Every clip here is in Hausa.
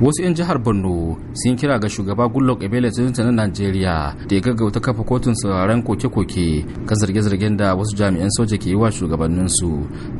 wasu 'yan jihar borno sun kira ga shugaba goodluck ebele tinubu na najeriya da ya gaggauta kafa kotun sauraron koke-koke kan zarge-zargen da wasu jami'an soja ke yi wa shugabanninsu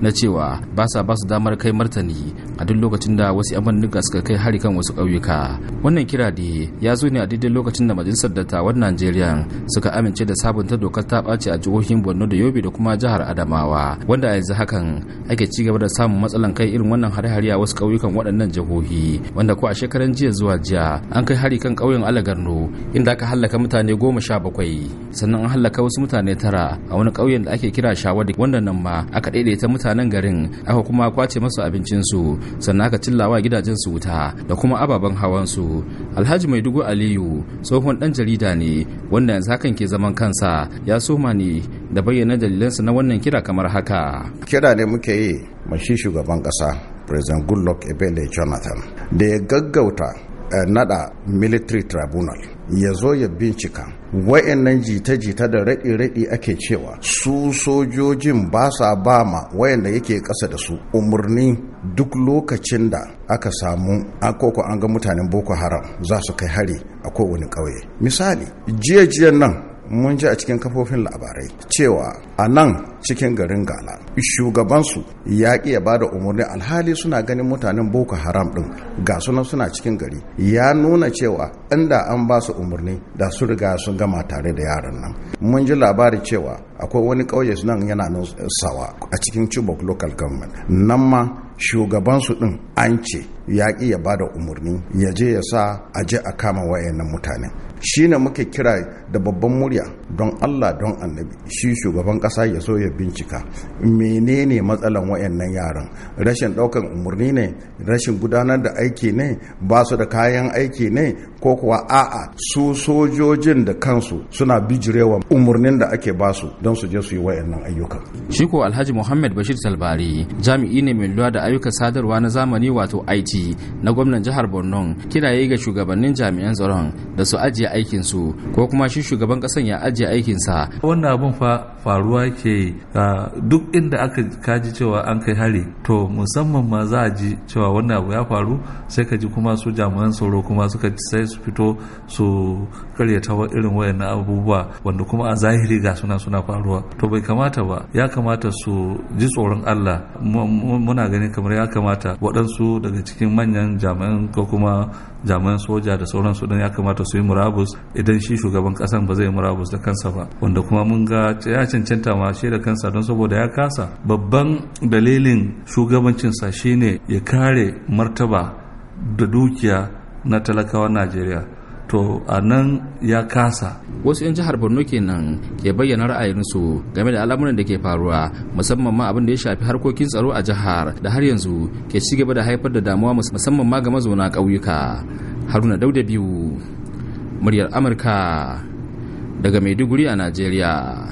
na cewa ba sa ba su damar kai martani a duk lokacin da wasu 'yan bandiga suka kai hari kan wasu ƙauyuka wannan kira da ya zo ne a daidai lokacin da majalisar dattawan najeriya suka amince da sabunta dokar ta ɓace a jihohin borno da yobe da kuma jihar adamawa wanda a yanzu hakan ake ci gaba da samun matsalan kai irin wannan hare-hare a wasu ƙauyukan waɗannan jihohi wanda ko a shekaran jiya zuwa jiya an kai hari kan ƙauyen alagarno inda aka hallaka mutane goma sha bakwai sannan an hallaka wasu mutane tara a wani ƙauyen da ake kira shawadi wanda nan ma aka daidaita mutanen garin aka kuma kwace masu abincinsu sannan aka cillawa gidajen su wuta da kuma ababen hawan su alhaji maidugo aliyu tsohon dan jarida ne wanda yanzu hakan ke zaman kansa ya soma ne da bayyana dalilansa na wannan kira kamar haka kira ne muke yi mashi shugaban kasa president goodluck ebele jonathan da ya gaggauta eh, naɗa military tribunal ya zo ya bincika wayannan jita-jita da raɗi-raɗi ake cewa su sojojin ba sa ba ma wayanda yake ƙasa da su umarni duk lokacin da aka samu an koko an ga mutanen boko haram za su kai hari a kowane ƙauye misali jiya-jiyan nan mun ji a cikin kafofin labarai cewa a nan cikin garin gala shugabansu ya ƙi ya bada umarni alhali suna ganin mutanen boko haram ɗin ga sunan suna cikin gari ya nuna cewa inda an ba su umarni da su riga sun gama tare da yaran nan mun ji labari cewa akwai wani ƙauye sunan yana sawa a cikin chibok local government nan ma shugabansu ɗin an ce ya ƙi ya ba da umarni ya je ya sa a je a kama wayannan mutane shi ne muke kira da babban murya don allah don annabi shi shugaban ƙasa ya so ya bincika menene matsalan wayannan yaran rashin ɗaukan umarni ne rashin gudanar da aiki ne ba su da kayan aiki ne ko kuwa a'a su sojojin da kansu suna bijirewa umarnin da ake basu don su je su yi wayannan ayyukan shi ko alhaji muhammad bashir salbari jami'i ne mai lura da ayyukan sadarwa na zamani wato it gwamnati na gwamnan jihar borno kiraye ga shugabannin jami'an tsaron da su ajiye aikinsu ko kuma shi shugaban kasan ya ajiye aikinsa wannan abun fa faruwa ke duk inda aka kaji cewa an kai hari to musamman ma za a ji cewa wannan abu ya faru sai ka ji kuma su jami'an tsaro kuma suka sai su fito su karyata irin wayannan abubuwa wanda kuma a zahiri ga suna suna faruwa to bai kamata ba ya kamata su ji tsoron Allah muna ganin kamar ya kamata waɗansu daga ciki. cikin manyan jami'an ko kuma jami'an soja da sauransu don ya kamata su yi murabus idan shi shugaban kasan ba zai yi murabus da kansa ba wanda kuma mun ga ya cancanta ma shi da kansa don saboda ya kasa babban dalilin shugabancinsa shine ya kare martaba da dukiya na talakawan najeriya to a nan ya kasa wasu 'yan jihar borno kenan ke bayyana ra'ayinsu game da al'amuran da ke faruwa musamman ma abin da ya shafi harkokin tsaro a jihar da har yanzu ke ci gaba da haifar da damuwa musamman ma ga mazauna ƙauyuka haruna dauda biyu muryar amurka daga maiduguri a najeriya